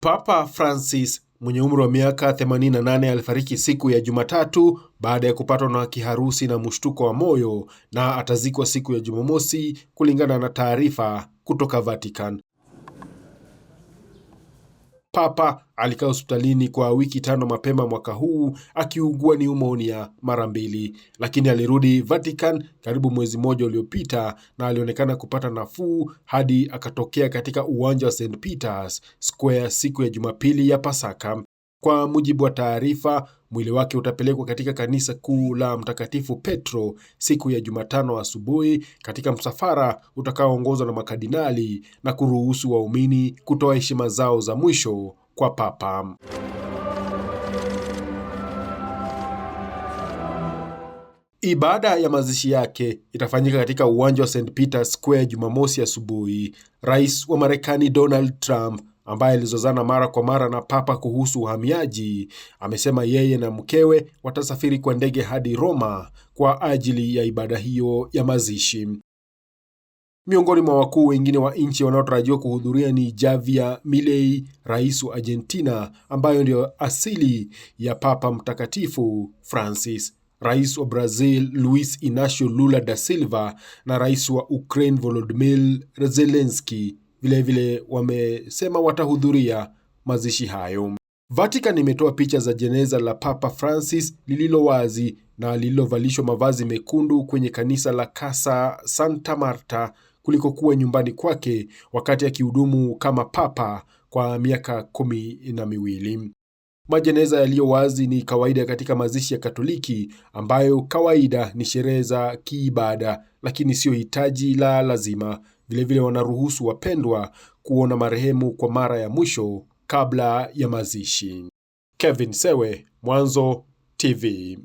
Papa Francis mwenye umri wa miaka 88 alifariki siku ya Jumatatu baada ya kupatwa na kiharusi na mshtuko wa moyo na atazikwa siku ya Jumamosi kulingana na taarifa kutoka Vatican. Papa alikaa hospitalini kwa wiki tano mapema mwaka huu akiugua pneumonia mara mbili, lakini alirudi Vatican karibu mwezi mmoja uliopita na alionekana kupata nafuu hadi akatokea katika uwanja wa St Peters Square siku ya Jumapili ya Pasaka. Kwa mujibu wa taarifa, mwili wake utapelekwa katika kanisa kuu la Mtakatifu Petro siku ya Jumatano asubuhi katika msafara utakaoongozwa na makardinali na kuruhusu waumini kutoa heshima zao za mwisho kwa Papa. Ibada ya mazishi yake itafanyika katika uwanja wa St peter Square Jumamosi asubuhi. Rais wa Marekani Donald Trump ambaye alizozana mara kwa mara na Papa kuhusu uhamiaji, amesema yeye na mkewe watasafiri kwa ndege hadi Roma kwa ajili ya ibada hiyo ya mazishi. Miongoni mwa wakuu wengine wa nchi wanaotarajiwa kuhudhuria ni Javier Milei, rais wa Argentina, ambayo ndiyo asili ya Papa Mtakatifu Francis, rais wa Brazil Luis Inacio Lula da Silva na rais wa Ukraine Volodymyr Zelensky Vilevile wamesema watahudhuria mazishi hayo. Vatican imetoa picha za jeneza la Papa Francis lililo wazi na lililovalishwa mavazi mekundu kwenye kanisa la Casa Santa Marta kulikokuwa nyumbani kwake wakati akihudumu kama papa kwa miaka kumi na miwili. Majeneza yaliyo wazi ni kawaida katika mazishi ya Katoliki ambayo kawaida ni sherehe za kiibada, lakini siyo hitaji la lazima. Vilevile wanaruhusu wapendwa kuona marehemu kwa mara ya mwisho kabla ya mazishi. Kevin Sewe, Mwanzo TV.